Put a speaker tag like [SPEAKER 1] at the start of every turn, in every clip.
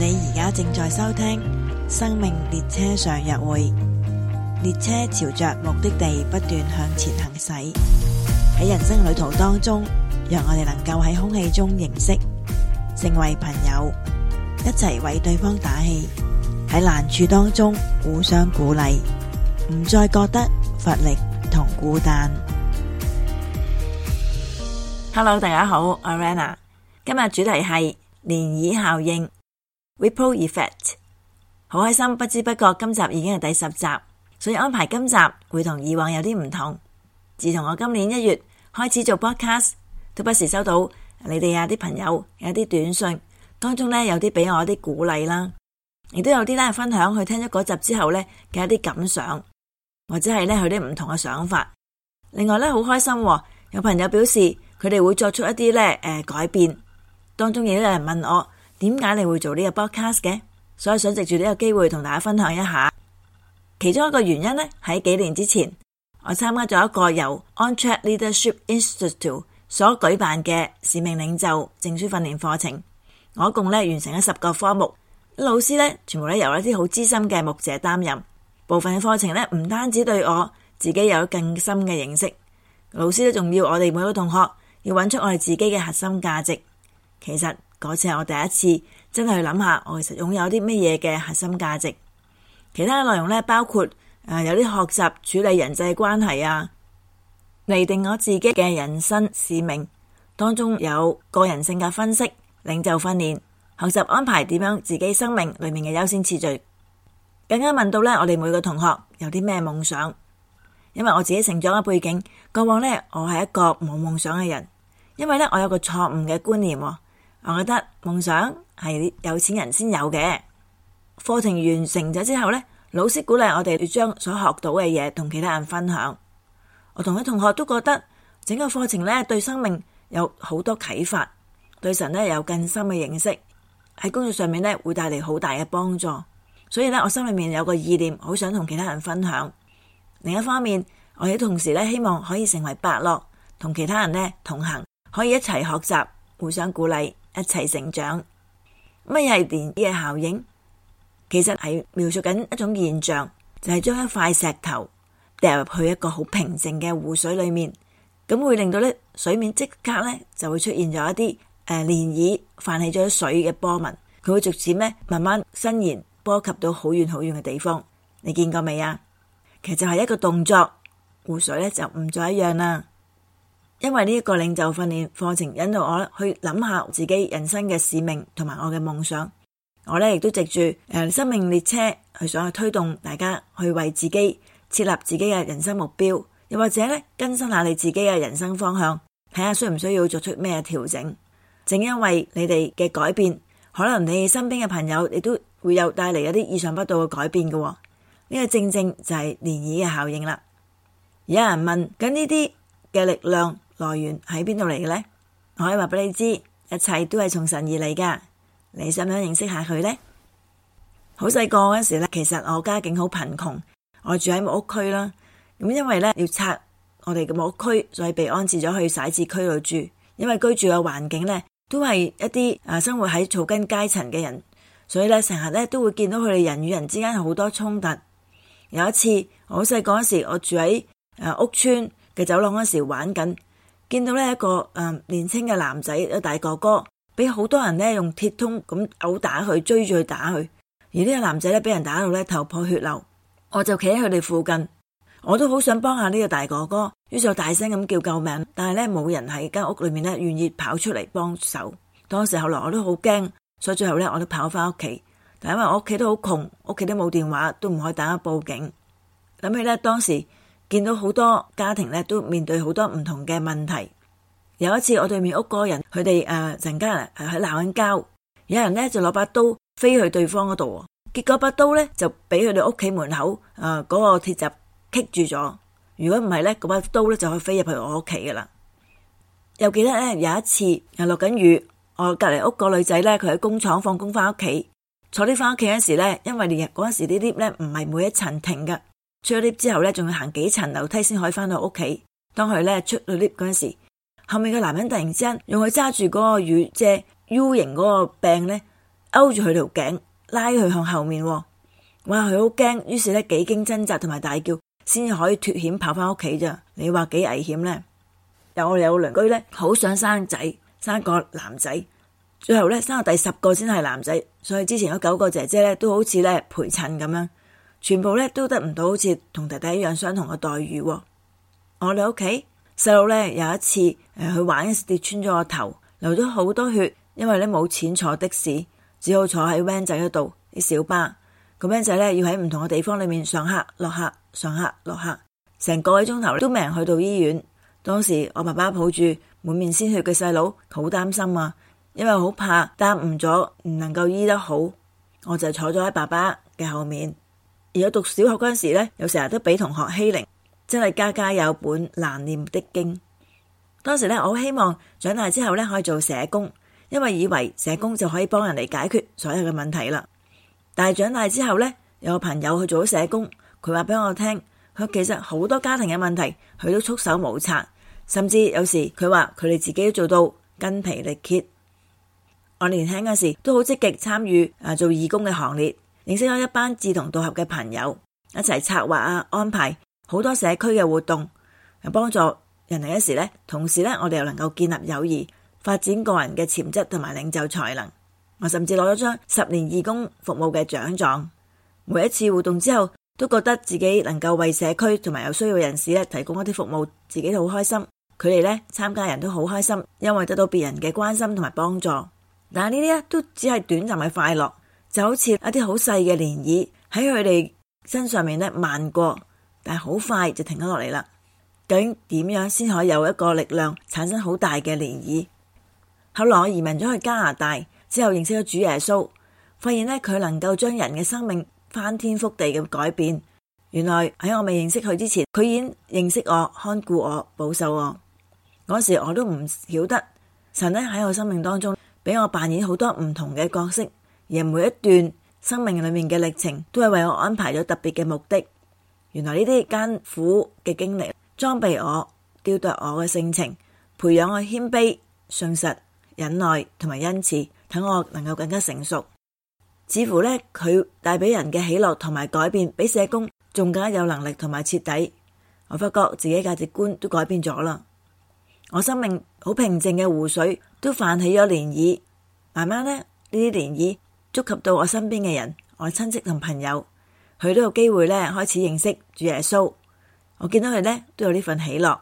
[SPEAKER 1] 你而家正在收聽生命列車上約會，列車朝着目的地不斷向前行駛。喺人生旅途當中，讓我哋能夠喺空氣中認識，成為朋友，一齊為對方打氣。喺難處當中互相鼓勵，唔再覺得乏力同孤單。Hello，大家好，我係 Irena，今日主題係漣漪效應。Ripple effect，好開心，不知不覺今集已經係第十集，所以安排今集會同以往有啲唔同。自從我今年一月開始做 podcast，都不時收到你哋啊啲朋友有啲短信當中咧，有啲俾我一啲鼓勵啦，亦都有啲咧分享佢聽咗嗰集之後咧嘅一啲感想，或者係咧佢啲唔同嘅想法。另外咧，好開心有朋友表示佢哋會作出一啲咧誒改變，當中亦都有人問我。點解你會做呢個 Podcast 嘅？所以想藉住呢個機會同大家分享一下。其中一個原因呢，喺幾年之前，我參加咗一個由 Ontrack Leadership Institute 所舉辦嘅使命領袖證書訓練課程。我共咧完成咗十個科目，老師咧全部咧由一啲好資深嘅牧者擔任。部分嘅課程咧，唔單止對我自己有更深嘅認識，老師都仲要我哋每個同學要揾出我哋自己嘅核心價值。其實。嗰次係我第一次真係去諗下，我其實擁有啲咩嘢嘅核心價值。其他嘅內容咧，包括誒、呃、有啲學習處理人際關係啊，擬定我自己嘅人生使命，當中有個人性格分析、領袖訓練、學習安排點樣自己生命裏面嘅優先次序。更加問到呢，我哋每個同學有啲咩夢想？因為我自己成長嘅背景，過往呢，我係一個冇夢想嘅人，因為呢，我有個錯誤嘅觀念。我覺得夢想係有錢人先有嘅。課程完成咗之後咧，老師鼓勵我哋將所學到嘅嘢同其他人分享。我同啲同學都覺得整個課程咧對生命有好多啟發，對神咧有更深嘅認識，喺工作上面咧會帶嚟好大嘅幫助。所以咧，我心裡面有個意念，好想同其他人分享。另一方面，我哋同時咧希望可以成為伯樂，同其他人咧同行，可以一齊學習，互相鼓勵。一齊成長。乜嘢係漣漪嘅效應？其實係描述緊一種現象，就係、是、將一塊石頭掉入去一個好平靜嘅湖水裏面，咁會令到咧水面即刻咧就會出現咗一啲誒漣漪，呃、漣漪泛起咗水嘅波紋，佢會逐漸咧慢慢伸延，波及到好遠好遠嘅地方。你見過未啊？其實就係一個動作，湖水咧就唔再一樣啦。因為呢一個領袖訓練課程引導我去諗下自己人生嘅使命同埋我嘅夢想，我呢亦都藉住生命列車去想去推動大家去為自己設立自己嘅人生目標，又或者呢更新下你自己嘅人生方向，睇下需唔需要作出咩調整。正因為你哋嘅改變，可能你身邊嘅朋友亦都會有帶嚟一啲意想不到嘅改變嘅，呢、這個正正就係漣漪嘅效應啦。有人問，咁呢啲嘅力量來源喺邊度嚟嘅呢？我可以話俾你知，一切都係從神而嚟噶。你想唔想認識下佢呢？好細個嗰時咧，其實我家境好貧窮，我住喺木屋區啦。咁因為咧要拆我哋嘅木屋區，所以被安置咗去徙置區度住。因為居住嘅環境咧，都係一啲啊生活喺草根階層嘅人，所以咧成日咧都會見到佢哋人與人之間好多衝突。有一次我好細個嗰時，我住喺誒屋村嘅走廊嗰時玩緊。見到呢一個誒、呃、年輕嘅男仔，一個大哥哥，俾好多人咧，用鐵通咁毆打佢，追住去打佢。而呢個男仔咧俾人打到咧，頭破血流，我就企喺佢哋附近，我都好想幫下呢個大哥哥，於是就大聲咁叫救命，但係咧冇人喺間屋裏面咧願意跑出嚟幫手。當時後來我都好驚，所以最後咧我都跑翻屋企，但係因為我屋企都好窮，屋企都冇電話，都唔可以打報警。諗起咧當時。見到好多家庭咧，都面對好多唔同嘅問題。有一次，我對面屋個人佢哋誒，陣間喺鬧緊交，有人咧就攞把刀飛去對方嗰度，結果把刀咧就俾佢哋屋企門口誒嗰個鐵閘棘住咗。如果唔係咧，嗰把刀咧就可以飛入去我屋企噶啦。又記得咧有一次，又落緊雨，我隔籬屋個女仔咧，佢喺工廠放工翻屋企，坐啲翻屋企嗰時咧，因為連嗰時啲 lift 咧唔係每一層停噶。出 lift 之後咧，仲要行幾層樓梯先可以翻到屋企。當佢咧出 lift 嗰陣時，後面個男人突然之間用佢揸住嗰個雨遮、就是、U 型嗰個柄咧勾住佢條頸，拉佢向後面。哇！佢好驚，於是咧幾經掙扎同埋大叫，先至可以脱險跑翻屋企咋？你話幾危險咧？有我哋有鄰居咧，好想生仔，生個男仔，最後咧生個第十個先係男仔，所以之前嗰九個姐姐咧都好似咧陪襯咁樣。全部咧，都得唔到，好似同弟弟一樣相同嘅待遇。我哋屋企細佬咧有一次誒去玩跌穿咗個頭，流咗好多血，因為咧冇錢坐的士，只好坐喺 van 仔嗰度啲小巴。個 van 仔咧，要喺唔同嘅地方裏面上客落客上客落客，成個幾鐘頭都未人去到醫院。當時我爸爸抱住滿面鮮血嘅細佬，好擔心啊，因為好怕耽誤咗唔能夠醫得好。我就坐咗喺爸爸嘅後面。而我讀小學嗰陣時呢，又成日都俾同學欺凌，真係家家有本難念的經。當時呢，我好希望長大之後呢，可以做社工，因為以為社工就可以幫人嚟解決所有嘅問題啦。但係長大之後呢，有個朋友去做咗社工，佢話俾我聽，佢其實好多家庭嘅問題，佢都束手無策，甚至有時佢話佢哋自己都做到筋疲力竭。我年輕嗰時都好積極參與啊做義工嘅行列。認識咗一班志同道合嘅朋友，一齊策劃啊安排好多社區嘅活動，幫助人哋一時呢，同時呢，我哋又能夠建立友誼，發展個人嘅潛質同埋領袖才能。我甚至攞咗張十年義工服務嘅獎狀。每一次活動之後，都覺得自己能夠為社區同埋有需要人士咧提供一啲服務，自己都好開心。佢哋呢，參加人都好開心，因為得到別人嘅關心同埋幫助。但係呢啲都只係短暫嘅快樂。就好似一啲好細嘅漣漪喺佢哋身上面咧，漫過，但係好快就停咗落嚟啦。究竟點樣先可以有一個力量產生好大嘅漣漪？後來我移民咗去加拿大之後，認識咗主耶穌，發現呢，佢能夠將人嘅生命翻天覆地咁改變。原來喺我未認識佢之前，佢已經認識我、看顧我、保守我。嗰時我都唔曉得神呢喺我生命當中俾我扮演好多唔同嘅角色。而每一段生命裏面嘅歷程，都係為我安排咗特別嘅目的。原來呢啲艱苦嘅經歷，裝備我、雕琢我嘅性情，培養我謙卑、信實、忍耐同埋恩慈，等我能夠更加成熟。似乎呢，佢帶俾人嘅喜樂同埋改變，比社工仲加有能力同埋徹底。我發覺自己價值觀都改變咗啦。我生命好平靜嘅湖水，都泛起咗漣漪。慢慢呢，呢啲漣漪。觸及到我身邊嘅人，我親戚同朋友，佢都有機會咧開始認識主耶穌。Show, 我見到佢咧都有呢份喜樂，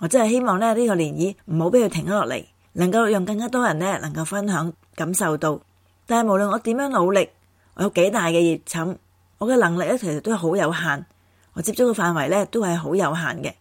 [SPEAKER 1] 我真係希望咧呢個漣漪唔好俾佢停咗落嚟，能夠讓更加多人咧能夠分享感受到。但係無論我點樣努力，我有幾大嘅熱忱，我嘅能力咧其實都係好有限，我接觸嘅範圍咧都係好有限嘅，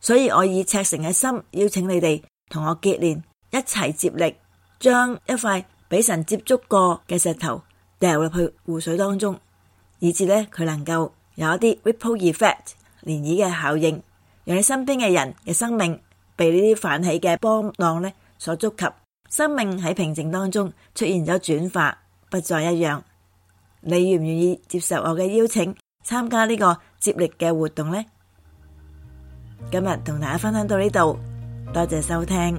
[SPEAKER 1] 所以我以赤誠嘅心邀請你哋同我結連，一齊接力，將一塊。俾神接觸過嘅石頭掉入去湖水當中，以至呢佢能夠有一啲 ripple effect 漣漪嘅效應，讓你身邊嘅人嘅生命被呢啲泛起嘅波浪呢所觸及，生命喺平靜當中出現咗轉化，不再一樣。你願唔願意接受我嘅邀請，參加呢個接力嘅活動呢？今日同大家分享到呢度，多謝收聽。